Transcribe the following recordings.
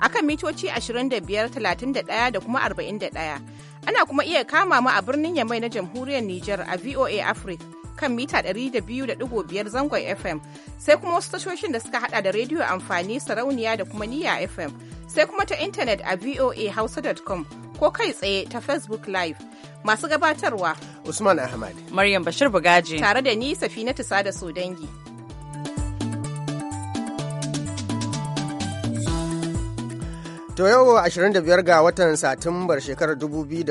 akan mitoci 25, 31 da kuma 41. Ana kuma iya kama mu a birnin Yamai na Jamhuriyar Nijar a VOA Africa kan mita 200.5 zangon FM sai kuma wasu tashoshin da suka hada da rediyo amfani sarauniya da kuma niya FM sai kuma ta intanet a voahausa.com ko kai tsaye ta Facebook Live. Masu gabatarwa Usman Ahmad Maryam Bashir Bugaji tare da ni Safinatu Sada Sodangi. To yau 25 ga watan Satumbar shekarar 2017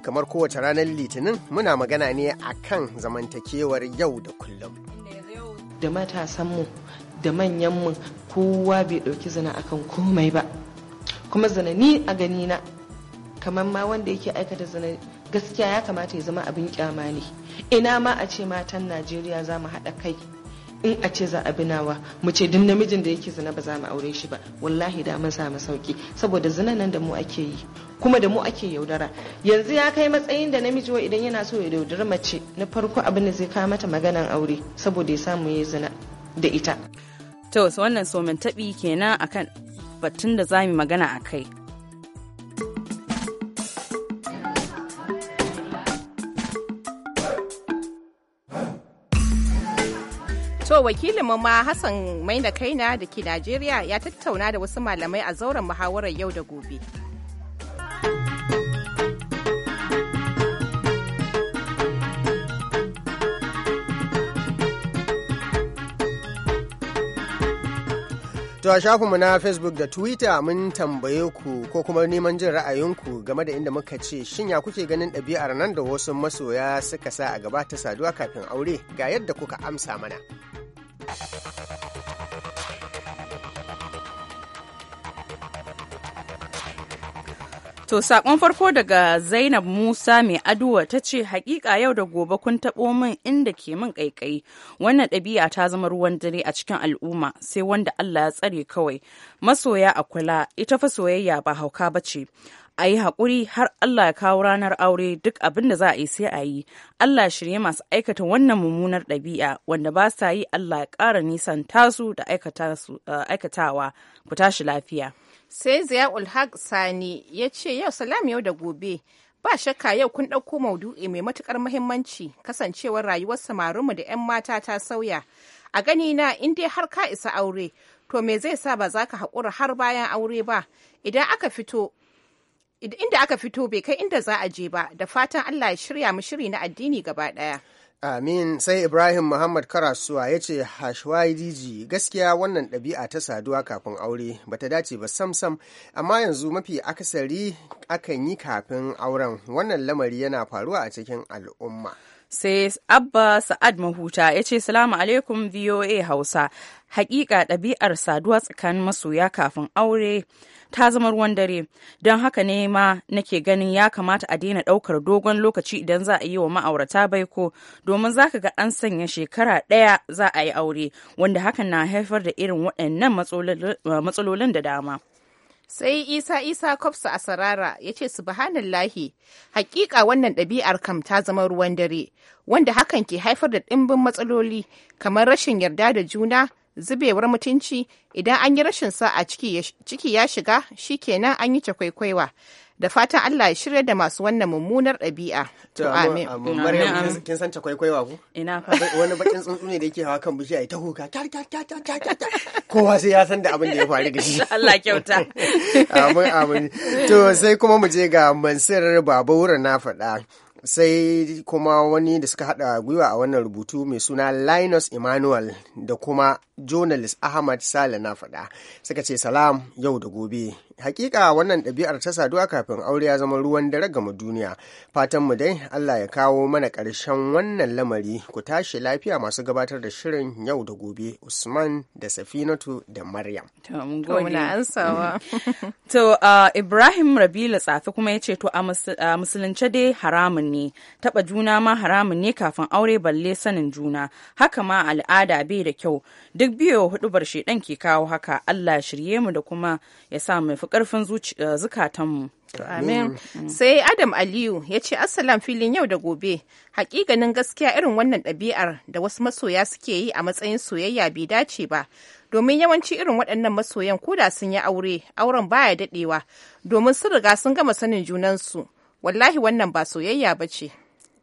kamar kowace ranar Litinin muna magana ne a kan zamantakewar yau da kullum. Da matasanmu da manyanmu kowa bai ɗauki zina akan komai ba. Kuma zina ni a ganina kamar ma wanda yake aikata zina gaskiya ya kamata ya zama abin kyama ne. Ina ma a ce matan Najeriya za mu haɗa kai. in a ce za a bi nawa mu ce duk namijin da yake zina ba za mu aure shi ba wallahi da mun samu sauki saboda zina nan da mu ake yi kuma da mu ake yaudara yanzu ya kai matsayin da namiji wa idan yana so ya yaudari mace na farko abin da zai kawo mata maganan aure saboda ya samu ya zina da ita to wannan somin taɓi kenan akan batun da za mu magana a kai To wakilin mama Hassan Maina Kaina da ke Najeriya ya tattauna da wasu malamai a zauren muhawarar yau da gobe. To a mu na Facebook da Twitter mun tambaye ku ko kuma neman jin ra'ayinku game da inda muka ce shin ya kuke ganin ɗabi'ar nan da wasu masoya suka sa a gaba ta saduwa kafin aure ga yadda kuka amsa mana. To saƙon farko daga Zainab Musa mai aduwa ta ce haƙiƙa yau da gobe kun taɓo min inda ke min ƙaiƙayi wannan ɗabi'a ta zama ruwan dare a cikin al'umma sai wanda Allah ya tsare kawai masoya a kula ita fa soyayya ba hauka ba ce a yi haƙuri har Allah ya kawo ranar aure duk abin da za a yi sai a yi Allah shirye masu aikata wannan mummunar ɗabi'a wanda ba sa yi Allah ya ƙara nisan tasu da eh, aikatawa ku tashi lafiya sai ziyaul haq sani ya ce yau salam yau da gobe ba shakka yau kun ɗauko maudu'i mai matuƙar muhimmanci kasancewar rayuwar samarinmu da 'yan mata ta sauya a gani na in dai har ka isa aure to me zai sa ba za ka haƙura har bayan aure ba idan aka fito inda aka fito bai kai inda za a je ba da fatan Allah ya shirya mu shiri na addini gaba ɗaya. Amin sai Ibrahim Muhammad Karasuwa ya ce Hashwaidiji gaskiya wannan ɗabi'a ta saduwa kafin aure bata dace ba sam sam, amma yanzu mafi akasari akan yi kafin auren wannan lamari yana faruwa a cikin al'umma. sai abba sa'ad mahuta ya ce salamu alaikum voa hausa hakika ɗabi'ar saduwa tsakanin masoya kafin aure ta zama ruwan dare don haka ne ma nake ganin ya kamata a daina ɗaukar dogon lokaci idan za a yi wa ma'aurata baiko domin za ka ga an sanya shekara ɗaya za a yi aure wanda hakan na haifar da irin waɗannan matsalolin da dama sai isa isa kofsa a sarara ya ce subhanallahi hakika wannan ɗabi'ar kam ta zama ruwan dare wanda hakan ke haifar da ɗimbin matsaloli kamar rashin yarda da juna zubewar mutunci idan an yi rashin sa'a ciki ya shiga shi kenan an yi cakwaikwaiwa da fatan Allah ya shirya da masu wannan mummunar ɗabi'a. To amin. Maryam kin san cakwaikwaiwa ku? Ina fa. Wani bakin tsuntsu ne da yake hawa kan bishiya ya ta huka. Kowa sai ya san da abin da ya faru da shi. Allah kyauta. Amin amin. To sai kuma mu je ga Mansur Babawura na faɗa. sai kuma wani da suka hada gwiwa a wannan rubutu mai suna linus emmanuel da kuma journalist ahmad sale na faɗa suka ce salam yau da gobe hakika wannan ɗabi'ar ta saduwa kafin aure ya zama ruwan dare ga duniya fatan mu dai allah ya kawo mana ƙarshen wannan lamari ku tashi lafiya masu gabatar da shirin yau da gobe usman da safinatu da maryam to uh, ibrahim rabila tsafi kuma ya ce to a musulunce dai haramun ne taɓa juna ma haramun ne kafin aure balle sanin juna haka ma al'ada bai da kyau duk biyo hudu bar shedan ke kawo haka allah shirye mu da kuma ya sa mu fi karfin eh, zukatanmu. Amin. Mm. Sai Adam Aliyu ya ce Assalam filin yau da gobe. Hakikanin gaskiya irin wannan ɗabi'ar da wasu masoya suke yi a matsayin soyayya bai dace ba. Domin yawanci irin waɗannan masoyan koda sun yi aure, auren baya daɗewa. Domin sun riga sun gama sanin junansu. Wallahi wannan ba soyayya ba ce.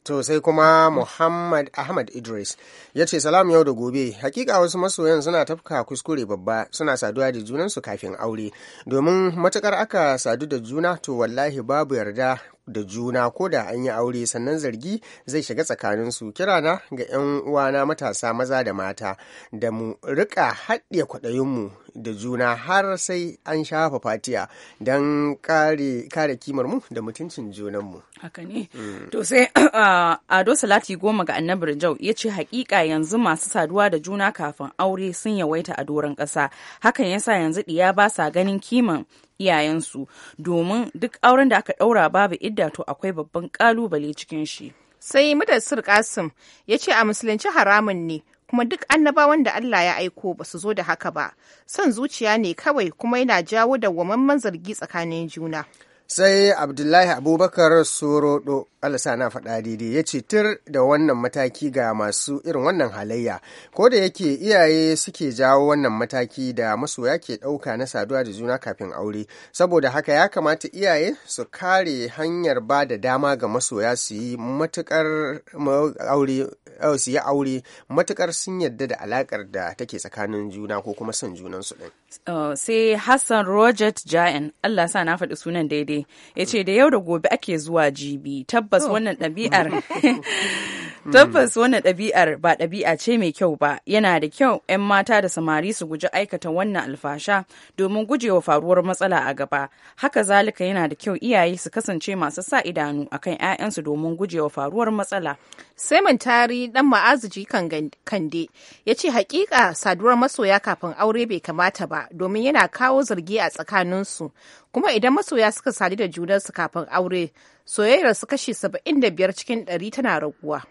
To sai kuma Muhammad Ahmad Idris ya ce salam yau da gobe hakika wasu masoyan suna tafka kuskure babba suna saduwa da junansu kafin aure domin matukar aka sadu da juna to wallahi babu yarda da juna ko da an yi aure sannan zargi zai shiga tsakaninsu kirana ga 'yan uwana matasa maza da mata da mu rika haɗe kwaɗayinmu da juna har sai an shafa fatiya don kare kimar mu da mutuncin junanmu. Haka ne. Mm. To sai uh, Ado Salati goma ga annabar Jau ya ce hakika yanzu masu saduwa da juna kafin aure sun yawaita a doron ƙasa. Hakan yasa yanzu ɗiya ba sa ganin kiman iyayensu domin duk auren da aka ɗaura babu idda to akwai babban ƙalubale cikin shi. Sai Mudassir Kasim ya ce a musulunci haramun ne kuma duk annabawan da Allah ya aiko ba su zo da haka ba son zuciya ne kawai kuma yana jawo da wamanman zargi tsakanin juna sai abdullahi abubakar sorodo alasa na faɗa daidai ya ce tir da wannan mataki ga masu irin wannan halayya ko da yake iyaye suke jawo wannan mataki da masoya ke ɗauka na saduwa da juna kafin aure saboda haka ya kamata iyaye su kare hanyar ba da dama ga masoya su yi matuƙar aure Oh, su yi aure matukar sun yadda da alakar da take tsakanin juna ko kuma son junan su din oh, sai Hassan Roger Jain Allah sa na faɗi sunan daidai yace da yau da gobe ake zuwa jibi tabbas oh. wannan ɗabi'ar Hmm. Tabbas wannan ɗabi'ar ba ɗabi'a ce mai kyau ba, yana da kyau 'yan mata da samari su guji aikata wannan alfasha domin gujewa faruwar matsala a gaba. Haka zalika yana da kyau iyaye su kasance masu sa idanu a kan 'ya'yansu domin gujewa faruwar matsala. Sai tari ɗan ma'azuji kande ya ce hakika saduwar masoya kafin aure bai kamata ba domin yana kawo zargi a tsakaninsu kuma idan masoya suka sadu da junansu kafin aure soyayyar su kashi 75 cikin ɗari tana raguwa.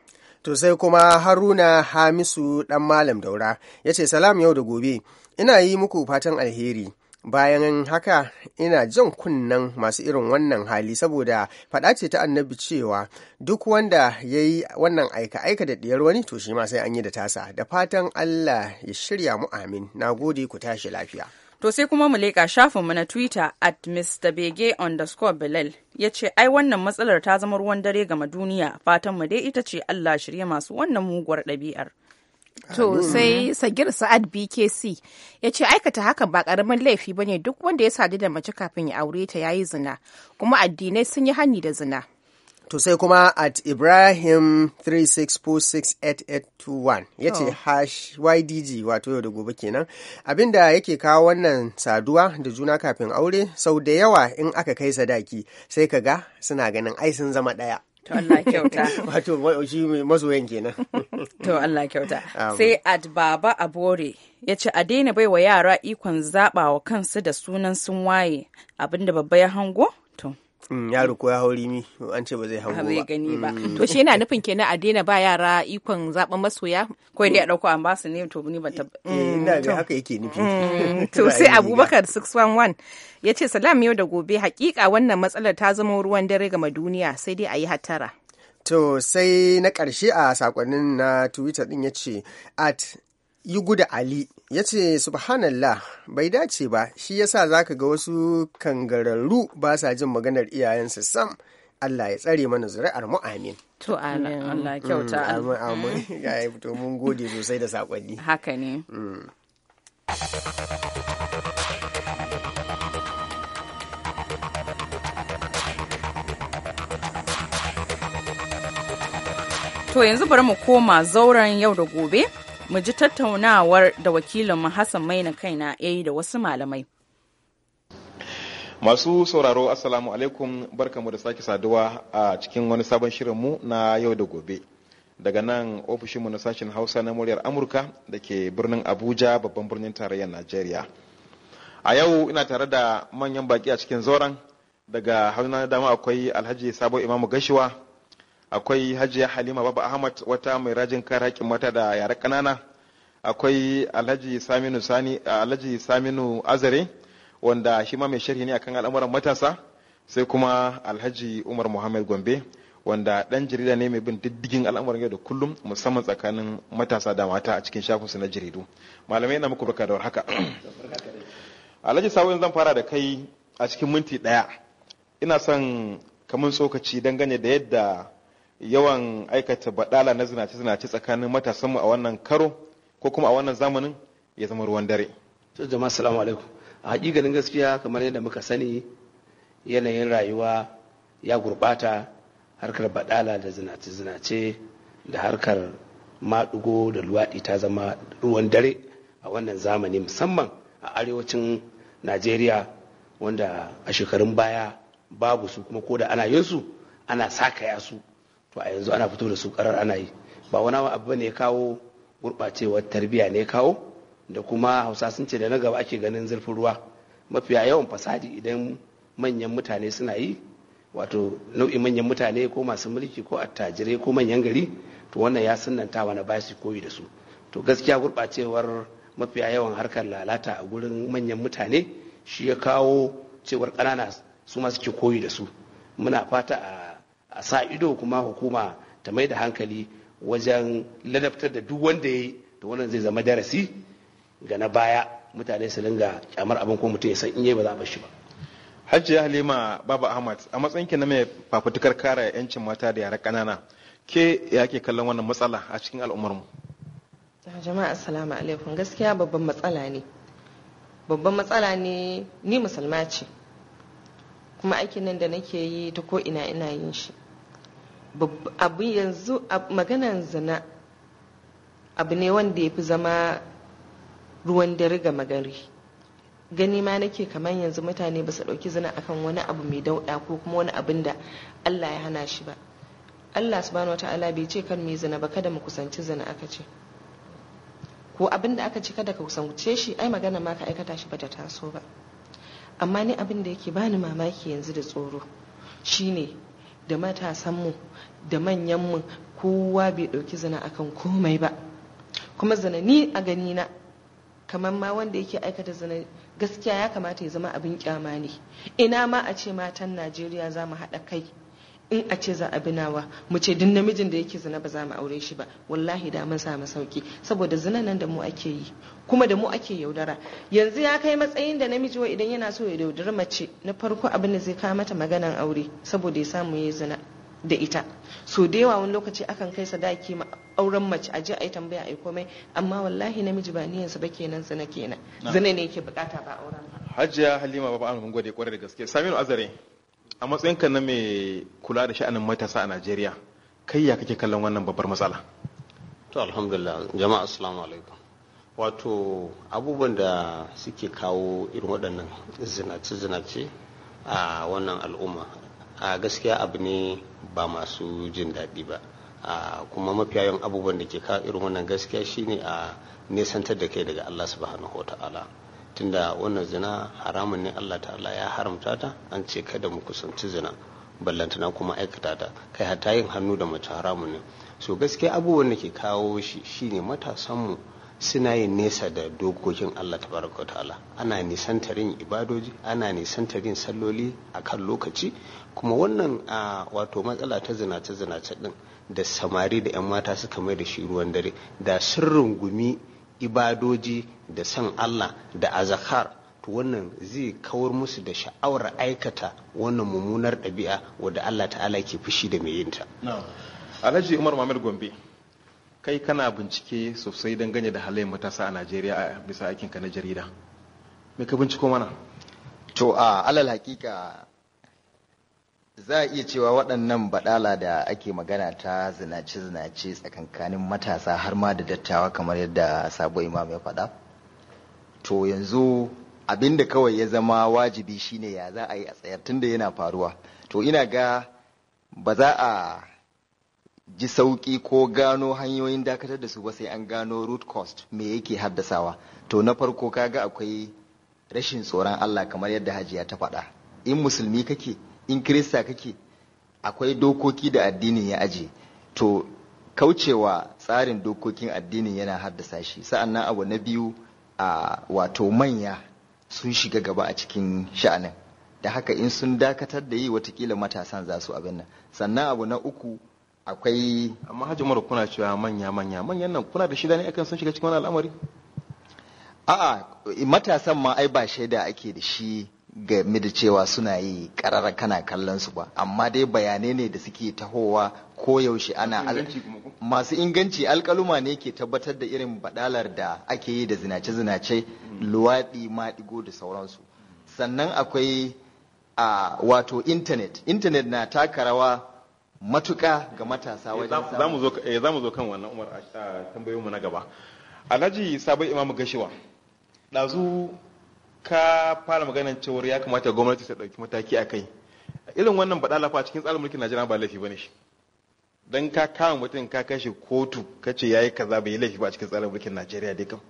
To sai kuma Haruna Hamisu ɗan Malam Daura ya ce salam yau da gobe ina yi muku fatan alheri. bayan haka ina jan kunnen masu irin wannan hali saboda faɗa ce ta annabi cewa duk wanda ya yi wannan aika-aika da ɗiyar wani to shi ma sai an yi da tasa da fatan allah ya shirya mu amin na gode ku tashi lafiya To sai kuma mu leƙa shafinmu na Twitter at Mr. Bege underscore Bilal ya ce, Ai, wannan matsalar ta zama ruwan dare gama duniya, fatanmu dai ita ce Allah shirya masu wannan muguwar ɗabi'ar. To sai Sagir Sa'ad BKC ya ce aikata haka ba ƙaramin laifi bane duk wanda ya sadu da mace kafin ya aure ta yayi zina, kuma addinai sun yi hani da zina. to sai kuma at ibrahim 36468821 ya ce oh. hash ydg wato yau da gobe kenan abinda yake kawo wannan saduwa da juna kafin aure sau da yawa in aka kai sadaki sai ka ga suna ganin ai sun zama ɗaya to Allah kyauta wato shi masoyan kenan to Allah kyauta sai at baba abore ya ce a daina bai wa yara ikon zaɓa wa kansu da sunan sun waye abinda babba ya hango to Mm, yaro ko ya hauri mi an ce ba zai hango ba gani ba mm. to shi yana nufin kenan a daina ba yara ikon zaben masoya ko dai a dauko mm. an ba su ne to ni ba ta eh, ina ga haka yake nufi to sai Abubakar 611 ya ce salam yau da gobe hakika wannan matsalar ta zama ruwan dare ga duniya sai dai a yi hatara to sai na karshe a sakonnin na Twitter din yace at da ali ya ce subhanallah bai dace ba shi yasa za ga wasu kangararru ba sa jin maganar iyayensu sam Allah ya tsare mana zuri'ar mu amin. To Allah kyauta. Mm, amin amin eh. ya yi fito mun gode sosai da sakonni. Haka ne. Mm. To yanzu bari mu koma zauren yau da gobe mu ji tattaunawar da wakilinmu Hassan Maina kaina ya yi da wasu malamai. Masu sauraro Assalamu alaikum barkamu da sake saduwa a cikin wani sabon shirin mu na yau da gobe. Daga nan ofishinmu na sashen Hausa na muryar Amurka da ke birnin Abuja babban birnin tarayyar Najeriya. A yau ina tare da manyan baki a cikin zauren daga hauna dama akwai Alhaji Sabo Imamu Gashiwa akwai hajiya halima baba ahmad wata mai rajin kare haƙƙin mata da yara ƙanana akwai alhaji saminu saminu azare wanda shi ma mai sharhi ne akan al'amuran matasa sai kuma alhaji umar muhammad gombe wanda dan jarida ne mai bin diddigin al'amuran yau da kullum musamman tsakanin matasa da mata a cikin shafinsu na jaridu malamai yana muku barka da haka. alhaji sabo zan fara da kai a cikin minti daya ina son kamun tsokaci dangane da yadda yawan aikata baɗala na zinace-zinace tsakanin matasanmu a wannan karo ko kuma a wannan zamanin ya zama ruwan dare. To jama'a salamu alaikum. A hakikanin gaskiya kamar yadda muka sani yanayin rayuwa ya gurbata harkar baɗala da zinace-zinace da harkar maɗigo da luwaɗi ta zama ruwan dare a wannan zamani musamman a arewacin Najeriya wanda a shekarun baya babu su kuma ko da ana yin su ana sakaya su ko a yanzu ana fito da su karar ana yi ba wani abu ne kawo gurɓacewar tarbiyya ne kawo da kuma hausa sun ce da na gaba ake ganin zurfin ruwa mafiya yawan fasadi idan manyan mutane suna yi wato nau'in manyan mutane ko masu mulki ko attajirai ko manyan gari to wannan ya sunanta wani basi koyi da su to gaskiya gurɓacewar mafiya yawan harkar lalata a gurin manyan mutane shi ya kawo cewar ƙanana su ma suke koyi da su muna fata a a sa ido kuma hukuma ta mai da hankali wajen ladabtar da duk wanda ya yi to wannan zai zama darasi ga na baya mutane su dinga kyamar abin ko mutum ya san in yi ba za a shi ba ya halima baba ahmad a matsayinki na mai fafutukar kare yancin mata da yara ƙanana ke ya ke kallon wannan matsala a cikin al'ummarmu jama'a assalamu alaikum gaskiya babban matsala ne babban matsala ne ni musulma ce kuma aikin nan da nake yi ta ko ina ina yin shi abu yanzu maganan zina abu ne wanda ya fi zama ruwan dare ga magari gani ma nake kamar yanzu mutane ba su ɗauki zina akan wani abu mai dauɗa ko kuma wani abin da allah ya hana shi ba allah subhanahu wata'ala bai ce kan mai zina ba kada mu kusanci zina aka ce ko abin da aka ci kada ka kusance shi ai magana ma ka aikata shi bata taso ba amma ni abin da yake bani mamaki yanzu da tsoro shine da matasanmu da manyanmu kowa bai ɗauki zina akan komai ba kuma zina ni a na. kamar ma wanda yake aikata zina gaskiya ya kamata ya zama abin kyama ne ina ma a ce matan najeriya za mu haɗa kai in a ce za a binawa mu ce duk namijin da yake zina ba za mu aure shi ba wallahi da mun samu sauki saboda zina nan da mu ake yi kuma da mu ake yaudara yanzu ya kai matsayin da namiji wai idan yana so ya yaudara mace na farko abin da zai kawo mata maganan aure saboda ya samu ya zina da ita so da yawa wani lokaci akan kai sadaki ma auren mace a ji a yi tambaya a yi komai amma wallahi namiji ba niyansa ba kenan zina kenan zina ne yake bukata ba auren hajiya halima baba an gode kwarar da gaske saminu azare a matsayin ka na mai kula da sha'anin matasa a najeriya kai ya kake kallon wannan babbar matsala to alhamdulillah jama'a assalamu alaikum wato abubuwan da suke kawo irin waɗannan zinace-zinace a wannan al'umma a gaskiya abu ne ba masu jin daɗi ba a kuma mafiyayen abubuwan da ke kawo irin wannan gaskiya shine a nesantar da kai daga allah subhanahu ta'ala tunda wannan zina haramun ne allah ta'ala ya haramta ta an ce kada mu kusanci zina ballantana kuma aikata ta kai hata yin hannu da mace haramun ne so gaskiya abubuwan da ke kawo shi shine matasanmu suna yin nesa da dokokin Allah ta tabaraka ta'ala ana yin ibadoji ana yin salloli a kan lokaci kuma wannan wato matsala ta zinace zinace din da samari da 'yan mata suka mai da shi ruwan dare da sirrin gumi ibadoji da san Allah da azakar to wannan zai kawar musu da sha'awar aikata wannan mummunar ɗabi'a wadda Allah ta'ala ke fushi da mai yinta. Alhaji Umar Muhammad Gombe kai kana bincike sosai don ganye da halayen matasa a najeriya a bisa aikinka na jarida me ka binciko mana to a alal hakika za a iya cewa waɗannan baɗala da ake magana ta zinace-zinace tsakankanin matasa har ma da dattawa kamar yadda sabo imam ya faɗa to yanzu abin da kawai ya zama wajibi shine ya za a yi a tsayar tunda yana faruwa to ina ga ba za a ji sauki ko gano hanyoyin dakatar da su ba sai an gano root cost me yake haddasawa to na farko kaga akwai rashin tsoron Allah kamar yadda hajiya ta faɗa in musulmi kake in kirista kake akwai dokoki da addinin ya aje to kaucewa tsarin dokokin addinin yana haddasa shi sa'annan abu na biyu a wato manya sun shiga gaba a cikin sha'anin da haka in sun dakatar da yi watakila matasan za su abin nan sannan abu na uku akwai amma hajji umaru kuna cewa manya manya manyan nan kuna da shida ne akan sun shiga cikin wani al'amari a'a matasan ma ai ba shaida ake da shi game da cewa suna yi kararra kana kallon su ba amma dai bayanai ne da suke tahowa ko yaushe ana masu inganci alkaluma ne ke tabbatar da irin badalar da ake yi da zinace-zinace mm. luwaɗi maɗigo da sauransu sannan akwai a wato intanet intanet na taka rawa matuka ga matasa wajen eh, eh, za mu zo kan wannan Umar a mu na gaba Alhaji sabon imamu Gashiwa ɗazu ka fara maganar cewar ya kamata gwamnati ta ɗauki mataki a kai irin wannan baɗa lafa cikin tsarin mulkin Najeriya ba laifi bane shi don ka kama mutum ka kashe kotu ka ce kace yayi kaza bai laifi ba cikin tsarin mulkin Najeriya dai kam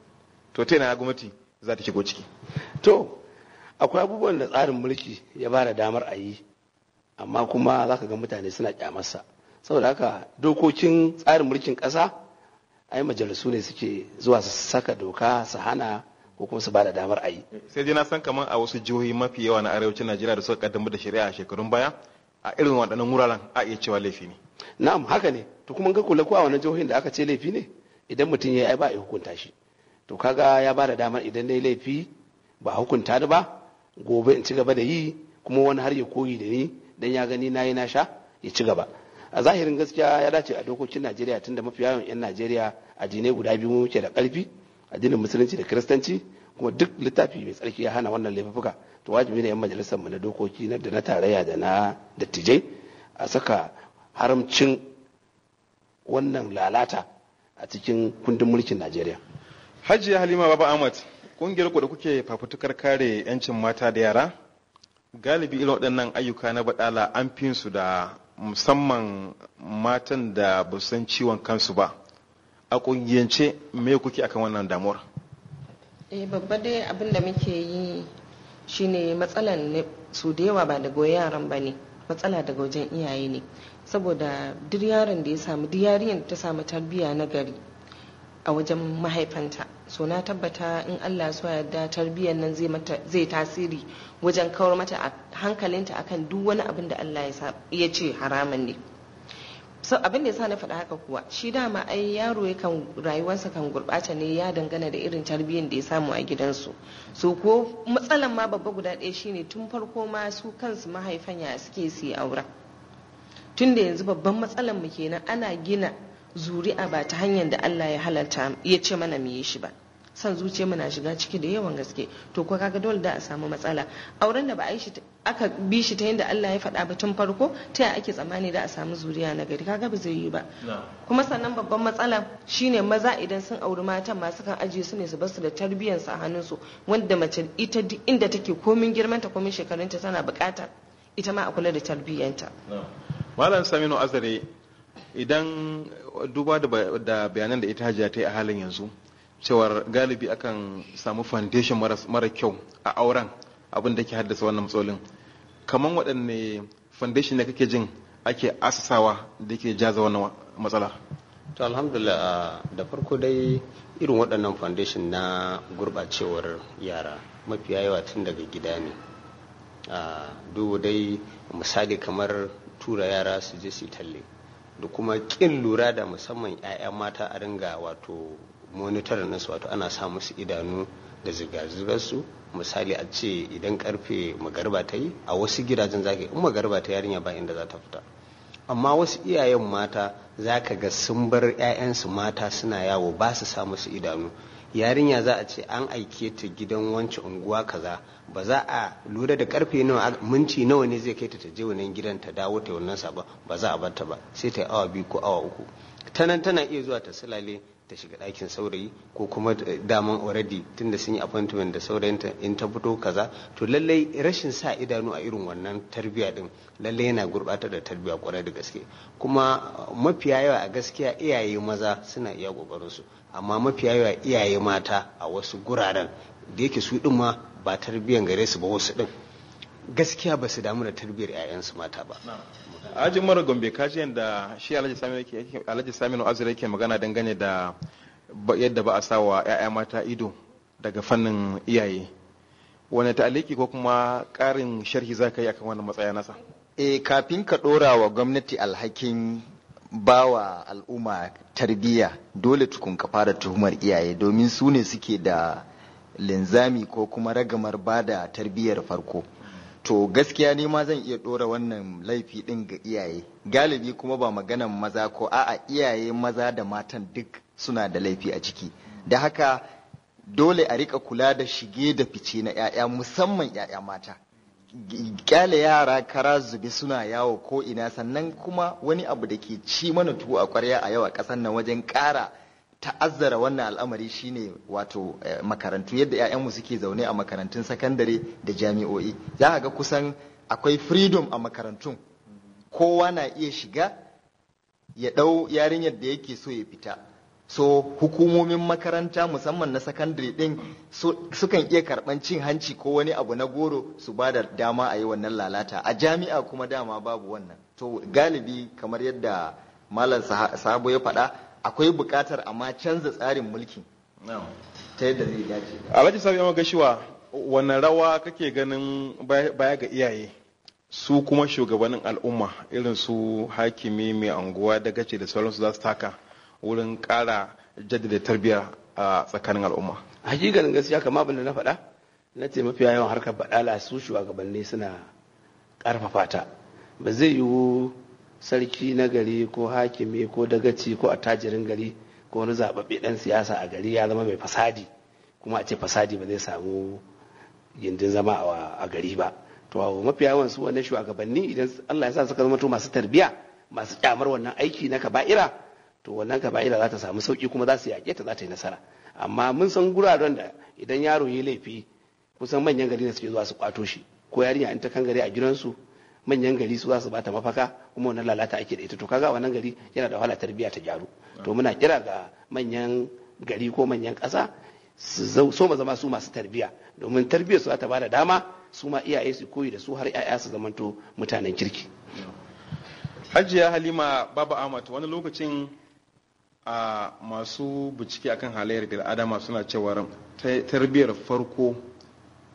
to ta yana gwamnati za ta shigo ciki to akwai abubuwan da tsarin mulki ya ba da damar a yi amma kuma za ka ga mutane suna kyamarsa saboda haka dokokin tsarin mulkin ƙasa yi majalisu ne suke zuwa su saka doka su hana ko kuma su bada damar ayi. sai dai na san kamar a wasu jihohi mafi yawa na arewacin najeriya da suka kaddamar da shari'a a shekarun baya a irin waɗannan wuraren a iya cewa laifi ne na'am haka ne to kuma ga kula ko a wannan jihohin da aka ce laifi ne idan mutum ya yi ba a hukunta shi to kaga ya bada damar idan na yi laifi ba hukunta ni ba gobe in ci gaba da yi kuma wani har ya koyi da ni dan ya gani nayi na sha ya ci gaba a zahirin gaskiya ya dace a dokokin Najeriya tunda mafi yawan yan Najeriya addinai guda biyu muke da karfi addinin musulunci da kiristanci kuma duk littafi mai tsarki ya hana wannan laifuka to wajibi ne yan majalisar mu na dokoki na da na tarayya da na dattijai a saka haramcin wannan lalata a cikin kundin mulkin Najeriya Hajiya Halima Baba Ahmad kungiyar ku da kuke fafutukar kare 'yancin mata da yara galibi irin waɗannan ayyuka na baɗala an fi su da musamman matan da ba san ciwon kansu ba a ƙungiyance me kuke akan wannan damuwar eh babba dai abin da muke yi shine matsalan su da yawa ba daga yaran ba ne matsala daga wajen iyaye ne saboda duk yaron da ya samu duk yariyar ta samu tarbiyya na gari a wajen mahaifanta so na tabbata in allah zuwa yadda tarbiyyar nan zai tasiri wajen kawar mata a hankalinta akan duk wani abin da allah ya ce haramun ne so abin da ya sa na faɗa haka kuwa shi dama ai yaro kan rayuwarsa kan gurɓata ne ya dangana da irin tarbiyyar da ya samu a gidansu so ko matsalan ma babba guda ɗaya shine tun farko ma su kansu mahaifan ya suke su yi aura tun da yanzu babban matsalan mu kenan ana gina zuri'a ba ta hanyar da Allah ya halalta ya ce mana mu yi shi ba san zuciya muna shiga ciki da yawan gaske to ko kaga dole da a samu matsala auren da ba a yi shi aka bi shi ta yadda Allah ya faɗa ba tun farko ta yaya ake tsammani da a samu zuriya na gari kaga ba zai yi ba kuma sannan babban matsala shine maza idan sun auri matan masu kan ajiye su ne su basu da tarbiyyar su hannun su. wanda mace ita duk inda take komin girmanta komin shekarunta tana buƙatar ita ma a kula da tarbiyyanta malam Saminu Azare idan duba da bayanan da ita hajiya ta yi a halin yanzu cewar galibi akan samu foundation mara kyau a auren abin da ke haddasa wannan matsalolin kamar waɗanne foundation ne kake jin ake asasawa da ke jaza wannan matsala to alhamdulillah da farko dai irin waɗannan foundation na gurɓacewar yara mafiya yawa tun daga gida ne dubu dai misali kamar tura yara su je su talle da kuma kin lura da musamman 'ya'yan mata a ringa wato monitor nasu wato ana sa musu idanu da zirga su misali a ce idan karfe magarba ta yi a wasu gidajen zaka in magarba ta yarinya ba inda za ta fita amma wasu iyayen mata zaka ga sun bar 'ya'yansu mata suna yawo ba su sa musu idanu yarinya za a ce an aike ta gidan wancan unguwa kaza ba za a lura da karfe nawa minti nawa ne zai kai ta ta je wannan gidan ta dawo ta wannan sabon ba za a bar ta ba sai ta yi awa biyu ko awa uku tanan tana iya zuwa ta silale ta shiga ɗakin saurayi ko kuma eh, daman already tunda sun yi appointment da saurayin ta in ta fito kaza to lallai rashin sa idanu a irin wannan tarbiya din lallai yana gurbatar da tarbiya kwarai da gaske kuma eh, mafiya yawa a gaskiya iyaye maza suna iya kokarin su amma mafiya yawa iyaye mata a wasu guraren da yake su din ma ba tarbiyan gare su ba wasu din gaskiya ba su damu da tarbiyar 'ya'yansu mata ba Ajin mara Gombe kaji yadda shi Alhaji Saminu yake Alhaji Azura yake magana dangane da yadda ba a sawa 'ya'ya mata ido daga fannin iyaye. Wani ta'aliki ko kuma ƙarin sharhi za ka yi akan wannan matsaya nasa? E kafin ka ɗora wa gwamnati alhakin bawa al'umma tarbiyya dole tukun ka fara tuhumar iyaye domin su ne suke da linzami ko kuma ragamar bada tarbiyyar farko. to gaskiya ne ma zan iya ɗora wannan laifi ɗin ga iyaye galibi kuma ba maganan maza ko a'a iyaye maza da matan duk suna da laifi a ciki da haka dole a rika kula da shige da fice na 'ya'ya musamman 'ya'ya mata kyale yara kara zube suna yawo ko ina sannan kuma wani abu da ke ci mana tuwo a kwarya a yau a ƙasar nan wajen ƙara ta'azzara wannan al'amari shine wato eh, makarantu yadda 'ya'yanmu suke zaune a makarantun sakandare da jami'o'i za ka ga kusan akwai freedom a makarantun kowa na iya shiga ya ɗau yarinyar da yake so ya fita so hukumomin makaranta musamman na sakandare ɗin sukan iya karɓan cin hanci ko wani abu na goro su ba da dama a yi wannan lalata a jami'a kuma dama babu wannan to galibi kamar yadda malam sahabo ya faɗa akwai buƙatar amma canza tsarin mulki. ta yadda zai dace alhaji sabi amma gashiwa wani rawa kake ganin baya ga iyaye su kuma shugabannin al'umma irin su hakimi mai anguwa da gace da sauransu za su taka wurin ƙara jaddada tarbiyya a tsakanin al'umma hakikanin gaskiya kama abin da na faɗa na ce mafiya yawan harkar baɗala su shugabanni suna ƙarfafa ta ba zai yiwu sarki na gari ko hakimi ko dagaci ko attajirin gari ko wani zababbe dan siyasa a gari ya zama mai fasadi kuma a ce fasadi ba zai samu gindin zama a gari ba to mafi yawan su wannan shugabanni idan Allah ya sa suka zama to masu tarbiya masu kyamar wannan aiki na kaba'ira to wannan kaba'ira za ta samu sauki kuma za su yaƙe ta za ta yi nasara amma mun san guraren da idan yaro ya laifi kusan manyan gari na suke zuwa su kwato shi ko yarinya in ta kan gari a gidansu manyan gari su za su bata mafaka kuma wannan lalata ake da ita to kaga wannan gari yana da wahala tarbiyya ta gyaru to muna kira ga manyan gari ko manyan kasa su so zama su masu tarbiyya domin tarbiyyar su za ta bada dama su ma iyaye su koyi da su har 'ya'ya su zamanto mutanen kirki hajiya halima baba ahmad wani lokacin a masu bincike akan halayyar adama suna cewa tarbiyyar farko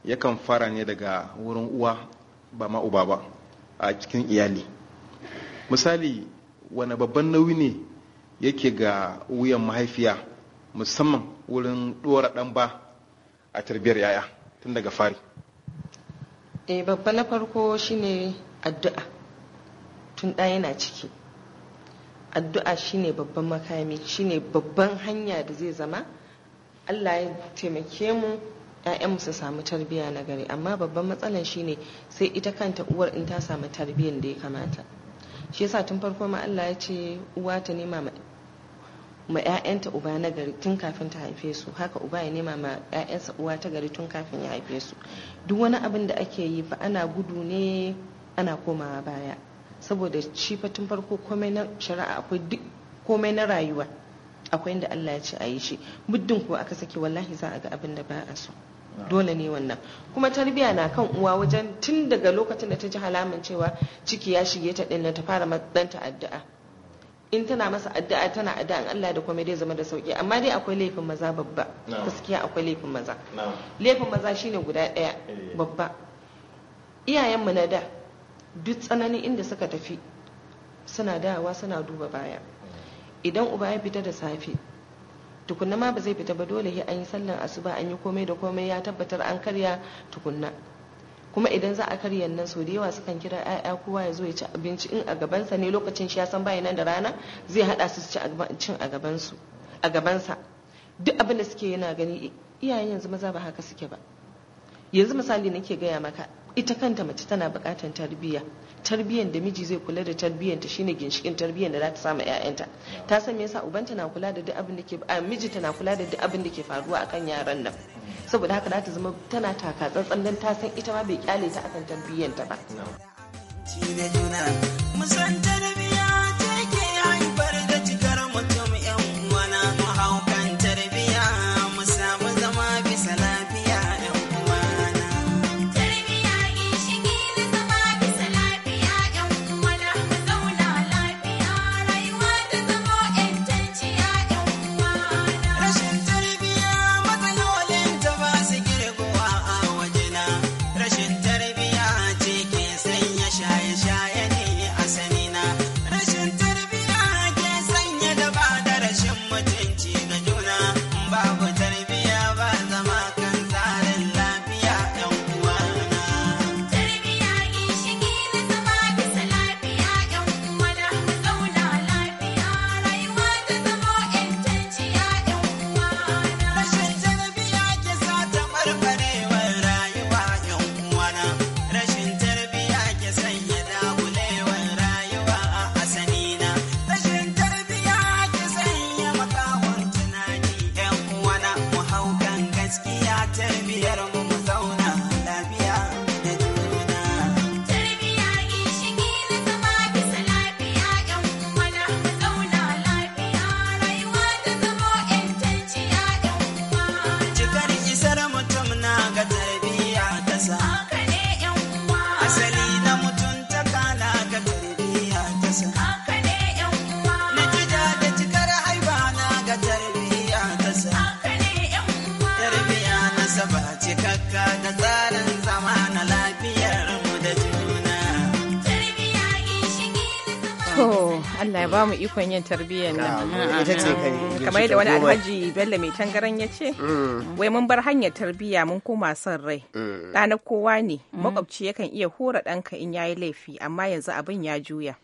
yakan fara ne daga wurin uwa ba ma uba ba a cikin iyali misali wani babban nauyi ne yake ga wuyan mahaifiya musamman wurin ɗora ɗan ba a tarbiyyar yaya tun daga fari eh babba na farko shine addu'a tun ɗaya yana ciki addu'a shine babban makami shine babban hanya da zai zama allah ya taimake mu 'ya'yanmu su samu tarbiyya na gari amma babban matsalar shine sai ita kanta uwar in ta samu tarbiyyar da ya kamata shi yasa tun farko ma Allah ya ce uwa ta nema ma 'ya'yanta uba na gari tun kafin ta haife su haka uba ya nema ma 'ya'yansa uwa ta gari tun kafin ya haife su duk wani abin da ake yi fa ana gudu ne ana komawa baya saboda shi fa tun farko komai na shari'a akwai duk komai na rayuwa akwai inda Allah ya ce a yi shi muddin ko aka saki wallahi za a ga abin da ba a so dole ne wannan kuma tarbiyya na kan uwa wajen tun daga lokacin da ta ji halaman cewa ciki ya shige ta dinna ta fara danta addu'a in tana masa addu'a tana addu'a Allah da kuma dai zama da sauki amma dai akwai laifin maza babba gaskiya akwai laifin maza laifin maza shine guda ɗaya eh. babba iyayen mu na da duk tsananin inda suka tafi suna dawa suna duba baya mm. idan uba ya fita da safe tukunna ma ba zai fita ba dole an yi sallan asuba an yi komai da komai ya tabbatar an karya tukunna kuma idan za a karya nan sau da yawa sukan kira 'ya'ya kowa ya zo ya ci abinci in a gabansa ne lokacin shi ya san bayan nan da rana zai hada su ci cin a a gabansa duk abin da suke yana gani iyayen yanzu maza ba haka suke ba yanzu misali nake gaya maka ita kanta mace tana bukatan tarbiyya tarbiyyar da miji zai kula da tarbiyyar ta shine ginshikin tarbiyyar da za ta samu ƴaƴanta ta san me yasa ubanta na kula da duk abin da ke a miji na kula da duk abin da ke faruwa akan yaran nan saboda haka za ta zama tana taka tsantsan dan ta san ita ma bai kyale ta akan tarbiyyar ta ba. Mu san tarbiyyar Allah ya ba ikon yin tarbiyyar nan kamar yadda wani alhaji bello mai tangaran ya ce mm. wai mun bar hanyar tarbiyya mun koma son rai mm. ɗana kowa ne mm. makwabci yakan iya hura ɗanka in yayi laifi amma yanzu abin ya juya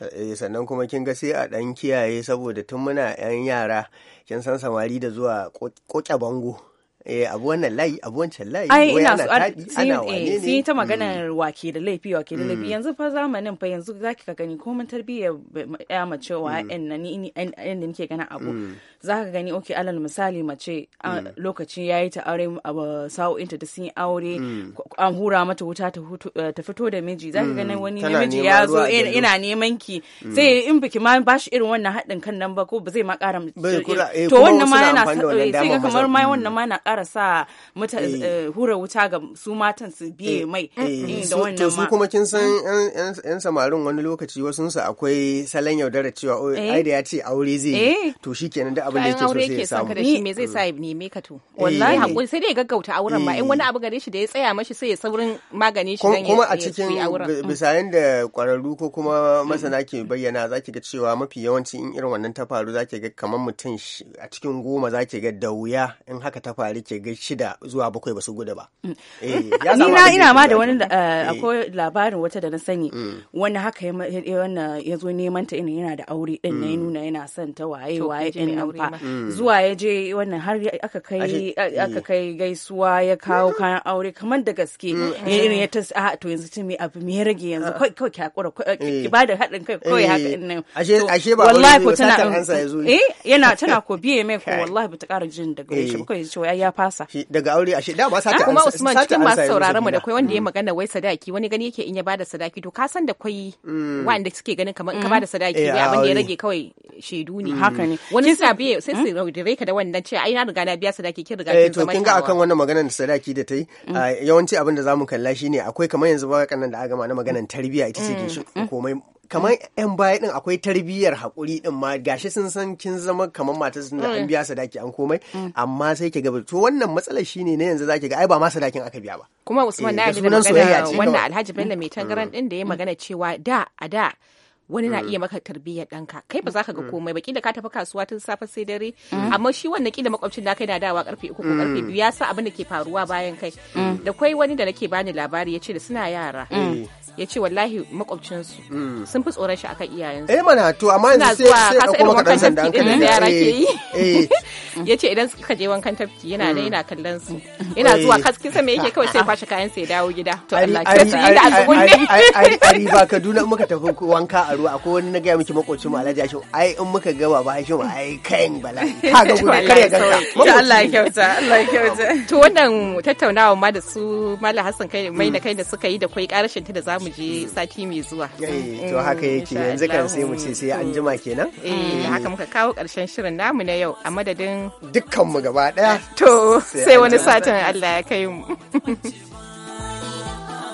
eh, sannan kuma kin ga sai a ɗan kiyaye saboda tun muna 'yan yara kin san samari da zuwa ƙoƙe bango eh abu wannan layi abu wancan layi ai ina su ana eh, wane ne ta mm. maganar wake da laifi wake da laifi mm. yanzu fa zamanin fa yanzu zaki ka gani ko mun tarbiyya ya mace wa yan mm. na ni yan da nake ganin abu zaka gani okay alal misali mace lokaci yayi ta aure sa'o'inta da sun yi aure an hura mata wuta ta eh, fito da miji zaka gani wani namiji ya zo ina neman ki sai in biki ma bashi irin wannan haɗin kan nan ba ko ba zai ma ƙara eh, to wannan ma yana sai kamar ma wannan ma na ƙara sa mata eh. eh, hura wuta ga su matan su biye eh. mai mm, da wannan ma. kuma kin san yan samarin wani lokaci wasu su akwai salon yaudara cewa oh, ai da ya ce aure zai yi to nan da abin da yake so sai ya samu. Ni me zai mm. sa ya neme ka to. Wallahi hakuri sai dai ya gaggauta auren ba in wani abu gare shi da ya tsaya mashi sai ya saurin magani shi dan ya Kuma a cikin bisayen mm. da kwararru ko kuma masana ke bayyana zaki ga cewa mafi yawanci in irin wannan ta faru zaki ga kamar mutum a cikin goma zaki ga da wuya in haka ta faru ke ga shida zuwa bakwai ba su gudu ba. Mm. Eh, Ni na ina ma da wani eh, eh. akwai labarin wata da na sani mm. wani haka ya zo neman ta yana da aure din na ya mm. nuna yana son ta waye waye din nan fa zuwa ya je wannan har aka kai aka kai gaisuwa ya kawo kayan aure kamar da gaske irin ya ta a to yanzu tun me abu me ya rage yanzu ah. kai kai ki hakura ki ba da haɗin kai kawai haka din nan. Ashe ba wallahi ko tana eh yana tana ko biye mai ko wallahi ba ta ƙara jin daga shi ba kai ya fasa daga aure a da ba sata kuma Usman cikin masu sauraron mu da kai wanda ya mm. magana wai sadaki wani gani yake in ya bada sadaki to ka san da kai mm. wanda suke ganin kamar in ka mm. bada sadaki ne eh, abin da ya rage kawai shedu ne haka ne wani sa biye sai su hmm? raudire ka da wannan ce ai na riga na biya sadaki kin riga eh, kin zama to kin ga akan wannan maganar sadaki da ta yi hmm. yawanci abin da zamu kalla shine akwai kamar yanzu ba kanan da agama na maganar tarbiyya ita ce hmm. komai kamar yan baya din akwai tarbiyyar hakuri din ma gashi sun san kin zama kamar matar sun da an eh. biya sadaki an komai mm. amma sai ki ga to wannan matsalar shine ne yanzu zaki ga ai ba ma sadakin aka biya ba kuma Usman na eh, yi da magana wannan Alhaji Bello mai tangaran din mm. da ya magana cewa da a da wani na mm. iya maka tarbiyyar ɗanka kai ba za ka ga mm. komai ba kila ka tafi kasuwa tun safe sai dare mm. amma shi wannan kila makwabcin na kai na dawa karfe uku ko karfe biyu ya sa abin da ke faruwa bayan kai da kwai wani da nake bani labari ya ce da suna yara eh. ya ce wallahi su sun fi tsoron shi akan iyayensu eh mana to amma yanzu sai sai kuma kadan sanda an kan da yara ke yi eh. ya ce idan suka je wankan tafki yana da yana kallon su yana zuwa eh. kisa me yake kawai sai kwashe kayan sai dawo gida to Allah ya yi da azumi ne ai ba Kaduna muka tafi wanka a a ruwa akwai wani na gaya miki makocin mu alhaji ashe ai in muka ga baba ashe mu ai kayan bala'i ka ga gudu kar ya ganka Allah ya kyauta Allah ya kyauta to wannan tattaunawa ma da su Malam Hassan kai mai na kai da suka yi da kai karashin ta da zamu je sati mai zuwa eh to haka mm, yake yanzu kan sai mu ce sai an jima kenan eh, eh. haka muka kawo karshen shirin namu na yau a madadin dukkan mu gaba daya to sai wani satin Allah ya kai mu